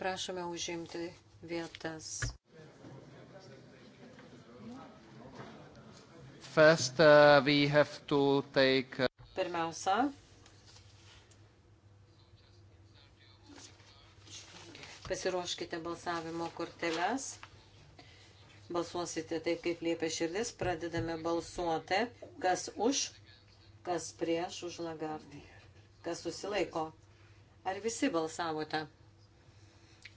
prašome užimti vietas. First, uh, we have to take... Uh, Pirmiausia, pasiruoškite balsavimo korteles. Balsuosite taip, kaip liepia širdis. Pradedame balsuoti, kas už, kas prieš už lagardį, kas susilaiko. Ar visi balsavote?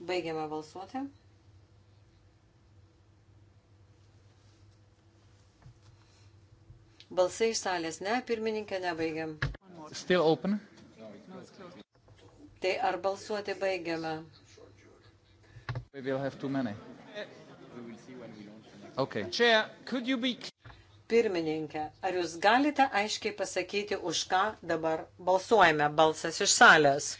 Baigiame balsuoti. Balsai iš salės ne, pirmininkė nebaigiam. Still open? Tai ar balsuoti baigiame? We will have too many. Okay. Chair, could you be... Pirmininkė, ar jūs galite aiškiai pasakyti, už ką dabar balsuojame? Balsas iš salės.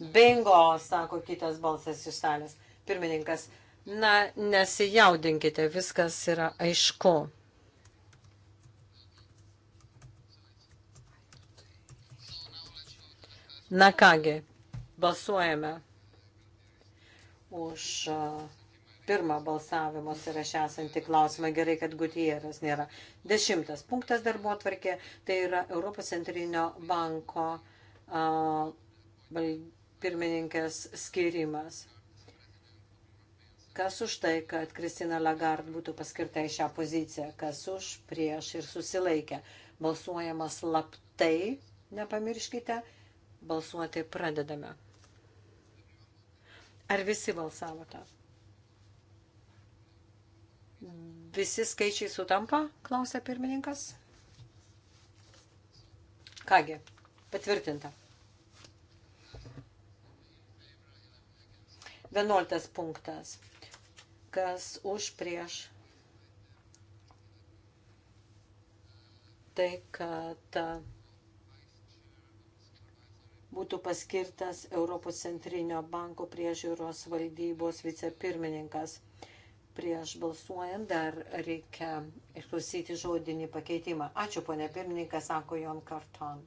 Bingo, sako kitas balsas iš salės. Pirmininkas, na, nesijaudinkite, viskas yra aišku. Na kągi, balsuojame už pirmą balsavimo sąrašę esantį klausimą. Gerai, kad Gutierrez nėra. Dešimtas punktas darbo atvarkė, tai yra Europos centrinio banko uh, pirmininkės skirimas. Kas už tai, kad Kristina Lagard būtų paskirta į šią poziciją, kas už, prieš ir susilaikė. Balsuojama slaptai, nepamirškite, balsuoti pradedame. Ar visi balsavote? Visi skaičiai sutampa, klausė pirmininkas. Kągi, patvirtinta. 11 punktas. Kas už prieš tai, kad būtų paskirtas Europos centrinio banko priežiūros valdybos vicepirmininkas. Prieš balsuojant dar reikia išklausyti žodinį pakeitimą. Ačiū, ponė pirmininkas, sako Jon Karton.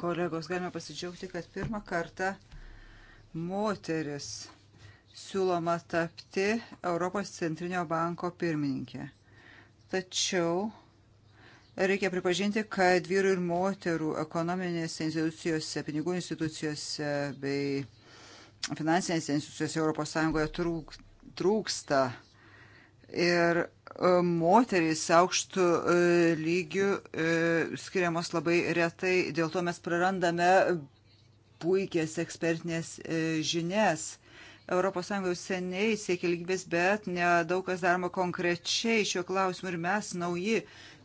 Kolegos, galime pasidžiaugti, kad pirmą kartą moteris siūloma tapti Europos centrinio banko pirmininkė. Tačiau reikia pripažinti, kad vyrų ir moterų ekonominėse institucijose, pinigų institucijose bei finansinėse institucijose ES trūk, trūksta. Ir e, moterys aukštų e, lygių e, skiriamos labai retai, dėl to mes prarandame puikias ekspertinės e, žinias. ES seniai siekia lygybės, bet nedaug kas daroma konkrečiai šiuo klausimu ir mes, nauji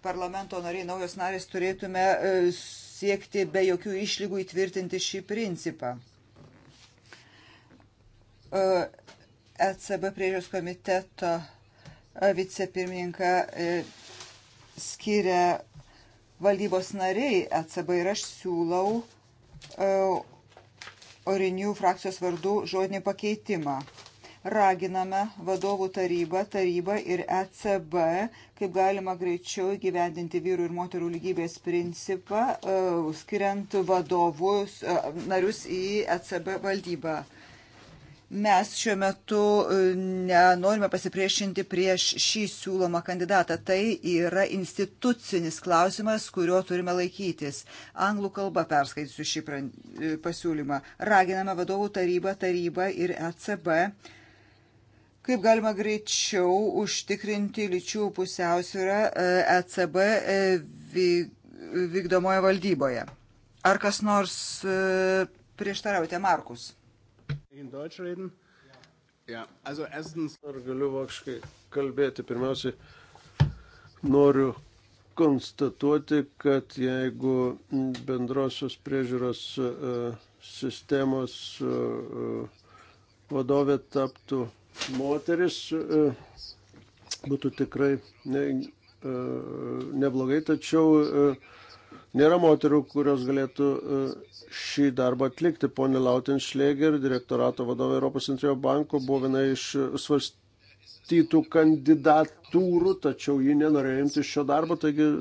parlamento nariai, naujos narės, turėtume e, siekti be jokių išlygų įtvirtinti šį principą. ECB e priežiūros komiteto vicepirmininką skiria valdybos nariai ECB ir aš siūlau Orinių frakcijos vardu žodinį pakeitimą. Raginame vadovų tarybą, tarybą ir ECB, kaip galima greičiau gyvendinti vyrų ir moterų lygybės principą, e, skiriant vadovus, e, narius į ECB valdybą. Mes šiuo metu e, nenorime pasipriešinti prieš šį siūlomą kandidatą. Tai yra institucinis klausimas, kurio turime laikytis. Anglų kalba perskaitysiu šį e, pasiūlymą. Raginame vadovų tarybą, tarybą ir ECB kaip galima greičiau užtikrinti lyčių pusiausvyrą ECB e vykdomoje valdyboje. Ar kas nors prieštaraujate, Markus? In Deutsch reden? Ja, also erstens. Ar galiu vokiškai kalbėti? Pirmiausiai noriu konstatuoti, kad jeigu bendrosios priežiūros e, sistemos e, e, vadovė taptų moteris, būtų tikrai neblogai, tačiau Nėra moterų, kurios galėtų e, šį darbą atlikti. Pone Lautenšlėger, direktorato vadovė Europos centrinio banko, buvo viena iš svarstytų kandidatūrų, tačiau ji nenorėjo imti šio darbo, taigi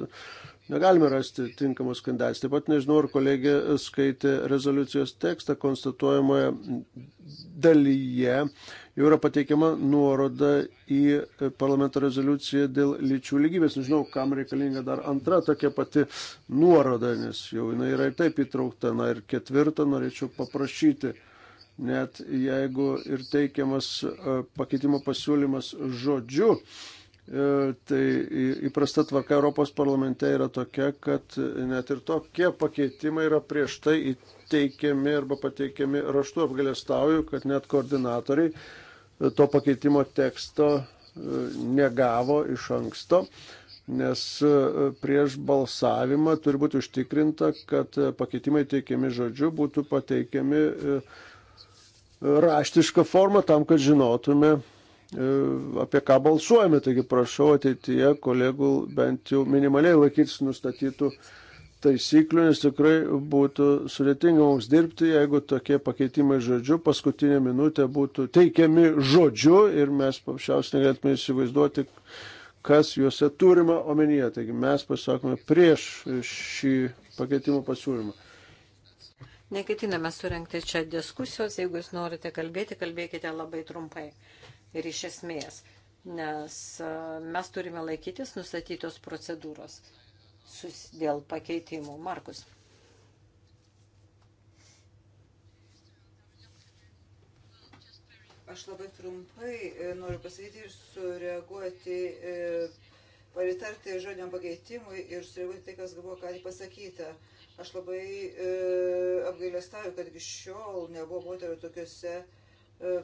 negalime rasti tinkamos kandidatės. Taip pat nežinau, ar kolegė skaitė rezoliucijos tekstą konstatuojamoje dalyje. Jau yra pateikiama nuoroda į parlamento rezoliuciją dėl lyčių lygybės. Nežinau, kam reikalinga dar antra tokia pati nuoroda, nes jau jinai yra ir taip įtraukta. Na ir ketvirtą norėčiau paprašyti. Net jeigu ir teikiamas e, pakeitimo pasiūlymas žodžiu, uh, E, tai įprasta tvarka Europos parlamente yra tokia, kad net ir tokie pakeitimai yra prieš tai įteikiami arba pateikiami raštu apgalėstauju, kad net koordinatoriai e, to pakeitimo teksto e, negavo iš anksto, nes prieš balsavimą turi būti užtikrinta, kad pakeitimai teikiami žodžiu būtų pateikiami raštišką formą tam, kad žinotume, E, apie ką balsuojame. Taigi prašau ateityje kolegų bent jau minimaliai laikytis nustatytų taisyklių, nes tikrai būtų sudėtinga mums dirbti, jeigu tokie pakeitimai žodžiu paskutinė minutė būtų teikiami žodžiu ir mes paprasčiausiai negalėtume įsivaizduoti, kas juose turima omenyje. Taigi mes pasakome prieš šį pakeitimo pasiūlymą. Neketiname surenkti čia diskusijos, jeigu jūs norite kalbėti, kalbėkite labai trumpai ir iš esmės, nes e, mes turime laikytis nustatytos procedūros dėl pakeitimų. Markus. Aš labai trumpai e, noriu pasakyti ir sureaguoti, e, paritarti žodiniam pakeitimui ir sureaguoti tai, kas buvo ką tik pasakyta. Aš labai e, apgailestauju, kad iki šiol nebuvo moterų tokiuose e,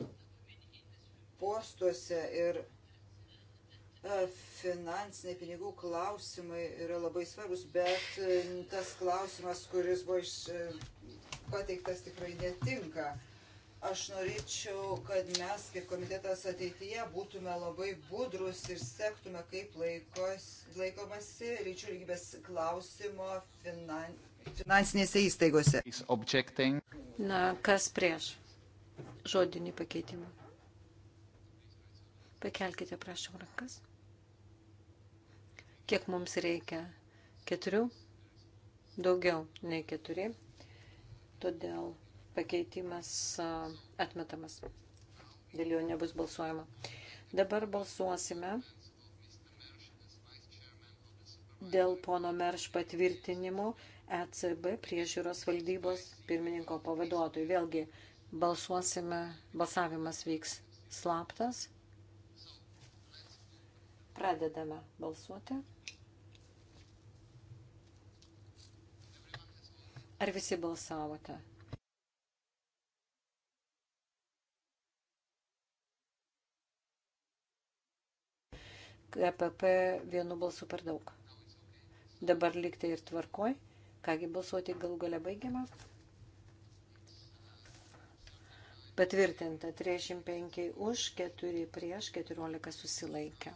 postuose ir e, finansiniai pinigų klausimai yra labai svarbus, bet e, tas klausimas, kuris buvo iš, e, pateiktas, tikrai netinka. Aš norėčiau, kad mes kaip komitetas ateityje būtume labai budrus ir sektume, kaip laikos, laikomasi lyčių lygybės klausimo finan, finansinėse įstaigose. Na, kas prieš žodinį pakeitimą? Pakelkite, prašom, rankas. Kiek mums reikia? Keturių? Daugiau nei keturi. Todėl pakeitimas atmetamas. Dėl jo nebus balsuojama. Dabar balsuosime dėl pono Merš patvirtinimo ECB priežiūros valdybos pirmininko pavaduotojų. Vėlgi balsuosime, balsavimas vyks slaptas. Pradedame balsuoti. Ar visi balsavote? EPP vienu balsu per daug. Dabar liktai ir tvarkoj. Kągi balsuoti galų gale baigiama. Patvirtinta 35 už, 4 prieš, 14 susilaikė.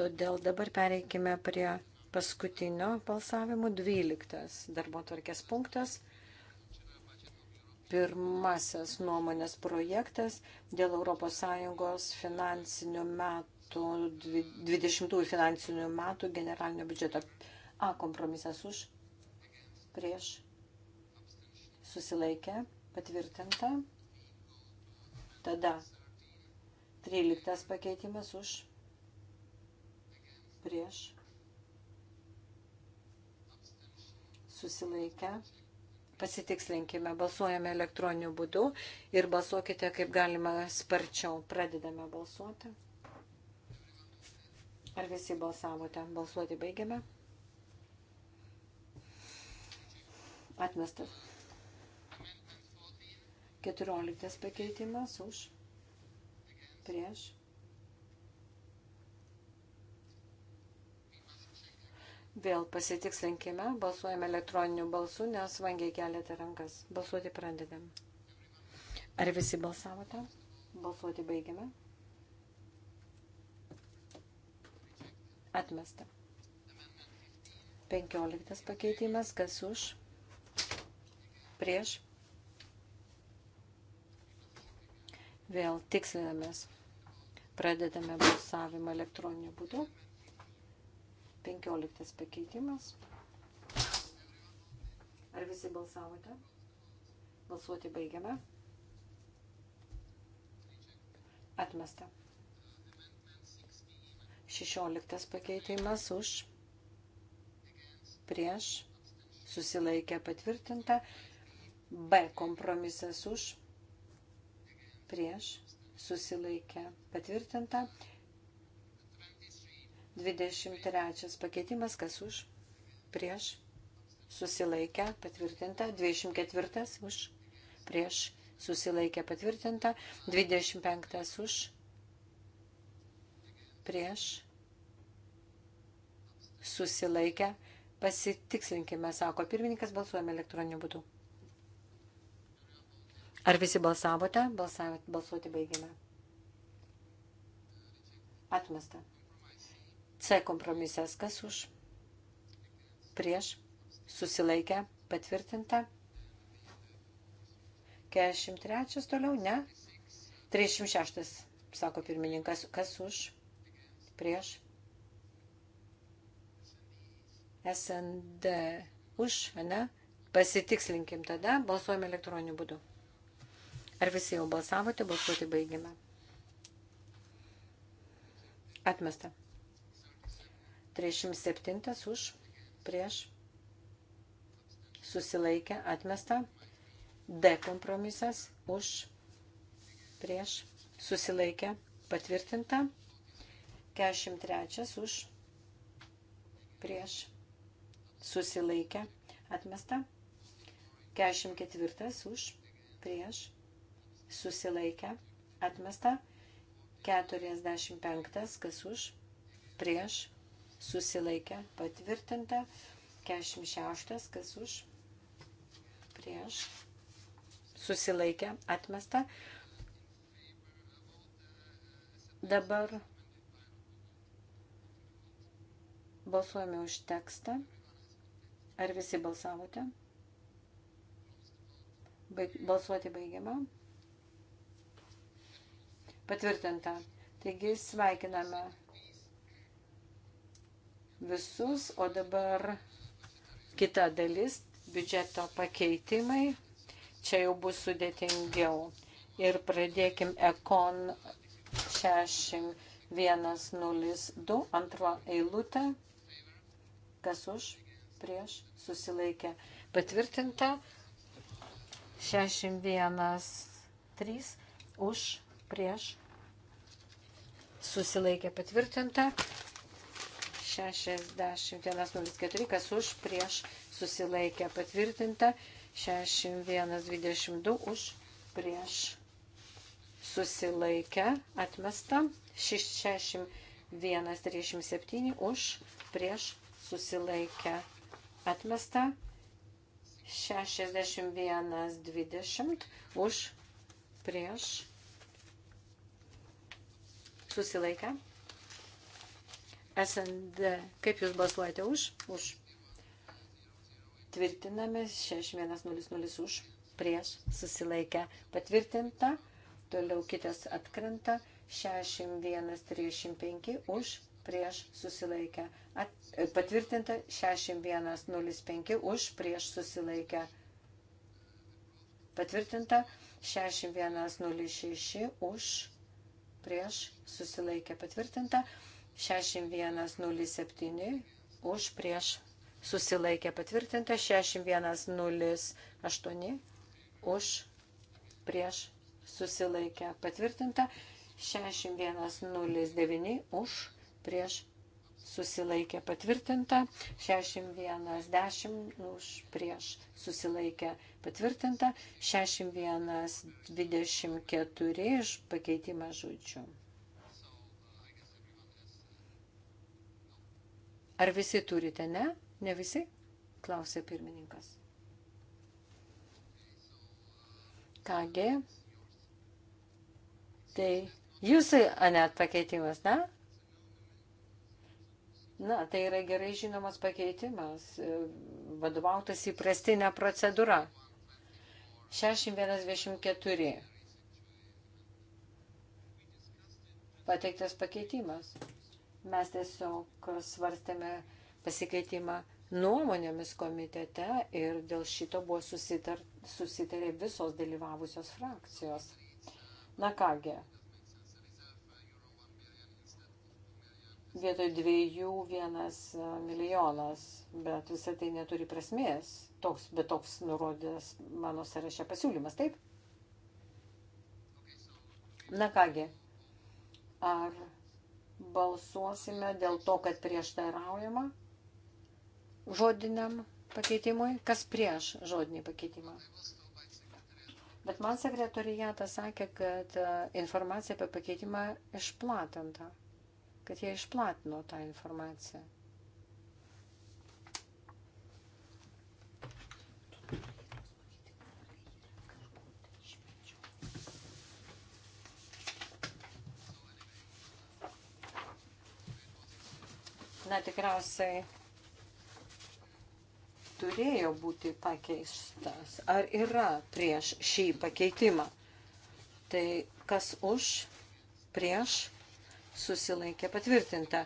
Todėl dabar pereikime prie paskutinio balsavimo 12 darbo tvarkės punktas pirmasis nuomonės projektas dėl ES finansinių metų, 20 finansinių metų generalinio biudžeto. A, kompromisas už, prieš, susilaikė, patvirtinta. Tada 13 pakeitimas už, prieš susilaikę. Pasitikslinkime, balsuojame elektroniniu būdu ir balsuokite kaip galima sparčiau. Pradedame balsuoti. Ar visi balsavote? Balsuoti baigiame. Atmestas. 14 pakeitimas už prieš Vėl pasitikslinkime, balsuojame elektroniniu balsu, nes vangiai keliate rankas. Balsuoti pradedam. Ar visi balsavote? Balsuoti baigiame. Atmesta. 15 pakeitimas, kas už, prieš. Vėl tikslinamės. Pradedame balsavimą elektroniniu būdu. 15 pakeitimas. Ar visi balsavote? Balsuoti baigiame. Atmesta. 16 pakeitimas už prieš susilaikę patvirtinta. B kompromisas už prieš susilaikę patvirtinta. 23 pakeitimas, kas už, prieš, susilaikę, patvirtinta. 24 už, prieš, susilaikę, patvirtinta. 25 už, prieš, susilaikę. Pasitikslinkime, sako pirmininkas, balsuojame elektroniniu būdu. Ar visi balsavote? Balsavote, balsuoti baigėme. Atmesta. C kompromisas kas už, prieš, susilaikę, patvirtinta. 43 toliau, ne? 36, sako pirmininkas, kas už, prieš, SND už, ne? Pasitikslinkim tada, balsuojame elektroniniu būdu. Ar visi jau balsavote, balsuoti baigime. Atmesta. 37 už, prieš, susilaikę, atmesta. D kompromisas už, prieš, susilaikę, patvirtinta. 43 už, prieš, susilaikę, atmesta. 44 už, prieš, susilaikę, atmesta. 45 kas už, prieš, susilaikė patvirtinta. 46, kas už, prieš, susilaikė atmesta. Dabar balsuojame už tekstą. Ar visi balsavote? Baig, balsuoti baigiama. Patvirtinta. Taigi sveikiname visus, o dabar kita dalis - biudžeto pakeitimai. Čia jau bus sudėtingiau. Ir pradėkim ekon 6102 antrą eilutę. Kas už? Prieš susilaikė. Patvirtinta 613 už prieš susilaikė patvirtinta 61.04, kas už, prieš susilaikė patvirtinta, 61.22 už, prieš susilaikė atmesta, 61.37 už, prieš susilaikė atmesta, 61.20 už, prieš susilaikė atmesta SND, kaip jūs balsuojate už? Už. Tvirtiname 6100 už, prieš, susilaikę, patvirtinta. Toliau kitas atkrenta 6135 už, prieš, susilaikę, At, e, patvirtinta 6105 už, prieš, susilaikę, patvirtinta 6106 už, prieš, susilaikę, patvirtinta 6106 už 6107 už prieš susilaikė patvirtinta, 6108 už prieš susilaikė patvirtinta, 6109 už prieš susilaikė patvirtinta, 6110 už prieš susilaikė patvirtinta, 6124 iš pakeitimą žodžių Ar visi turite, ne? Ne visi? Klausė pirmininkas. Kągi, tai jūsų anet pakeitimas, ne? Na, tai yra gerai žinomas pakeitimas, e, vadovautas įprastinė procedūra. 6124. Pateiktas pakeitimas. Mes tiesiog svarstėme pasikeitimą nuomonėmis komitete ir dėl šito buvo susitar, susitarė visos dalyvavusios frakcijos. Na kągi, vietoj dviejų vienas milijonas, bet visą tai neturi prasmės. Toks, bet toks nurodęs mano sąraše pasiūlymas, taip? Na kągi, ar balsuosime dėl to, kad prieštaraujama žodiniam pakeitimui, kas prieš žodinį pakeitimą. Bet man sekretorijatas sakė, kad e, informacija apie pakeitimą išplatinta, kad jie išplatino tą informaciją. dažna tikriausiai turėjo būti pakeistas. Ar yra prieš šį pakeitimą? Tai kas už, prieš, susilaikė patvirtinta.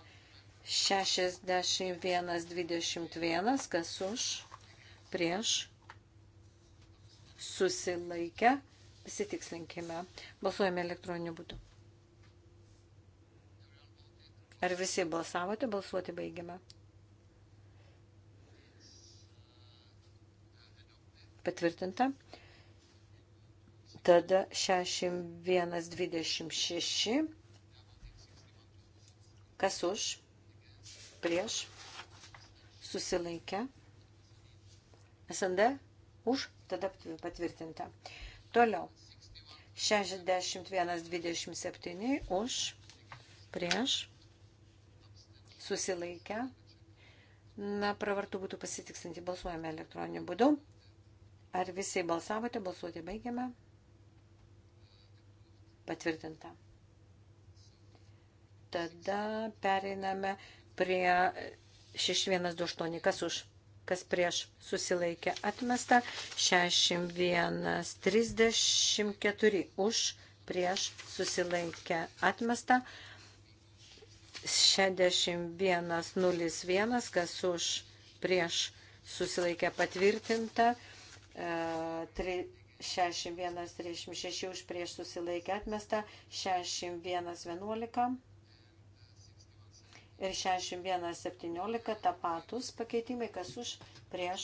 61.21, kas už, prieš, susilaikė, pasitikslinkime, balsuojame elektroniniu būdu. Ar visi balsavote? Balsuoti baigiame. Patvirtinta. Tada 61.26. Kas už? Prieš? Susilaikę? SND? Už? Tada patvirtinta. Toliau. 61.27 už, prieš, susilaikę. Na, pravartu būtų pasitiksinti, balsuojame elektroniniu būdu. Ar visi balsavote, balsuoti baigiame? Patvirtinta. Tada pereiname prie 6128, kas už, kas prieš susilaikė atmesta, 6134 už, prieš susilaikė atmesta, 6134. 6101, kas už prieš susilaikė patvirtinta, 6136 e, už prieš susilaikė atmesta, 6111 ir 6117 tapatus pakeitimai, kas už prieš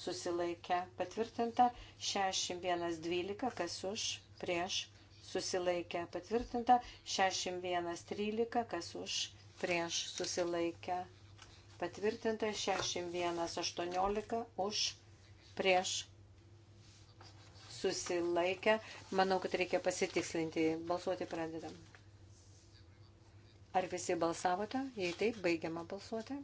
susilaikė patvirtinta, 6112 kas už prieš susilaikė patvirtinta, 6113 kas už prieš prieš susilaikę patvirtinta 61.18 už prieš susilaikę. Manau, kad reikia pasitikslinti. Balsuoti pradedam. Ar visi balsavote? Jei taip, baigiama balsuoti.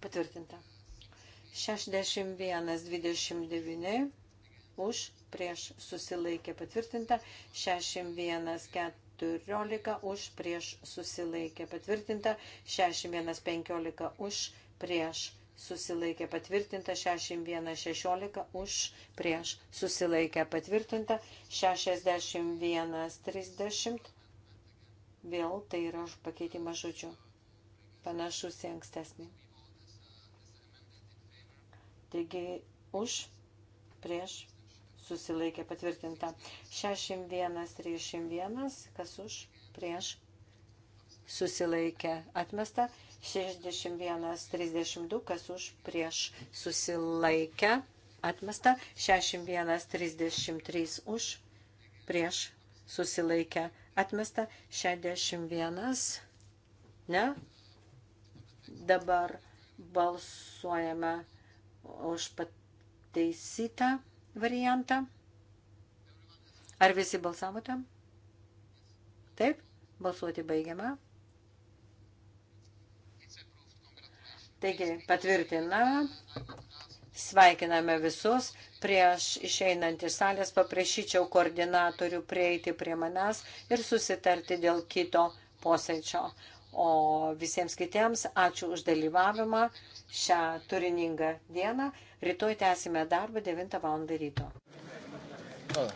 Patvirtinta. 61.29 už prieš susilaikė patvirtinta. 61.4 14 už prieš susilaikė patvirtinta, 6115 už prieš susilaikė patvirtinta, 6116 už prieš susilaikė patvirtinta, 6130 vėl tai yra pakeitimas žodžiu, panašus į ankstesnį. Taigi už prieš susilaikė patvirtinta. 6131, kas už, prieš, susilaikė atmesta. 6132, kas už, prieš, susilaikė atmesta. 6133 už, prieš, susilaikė atmesta. 61, ne? Dabar balsuojame už pataisytą variantą. Ar visi balsavote? Taip, balsuoti baigiama. Taigi, patvirtina, sveikiname visus. Prieš išeinant iš salės paprašyčiau koordinatorių prieiti prie manęs ir susitarti dėl kito posėdžio. O visiems kitiems ačiū už dalyvavimą šią turiningą dieną. Rytoj tęsime darbą 9 val. ryto. Oh.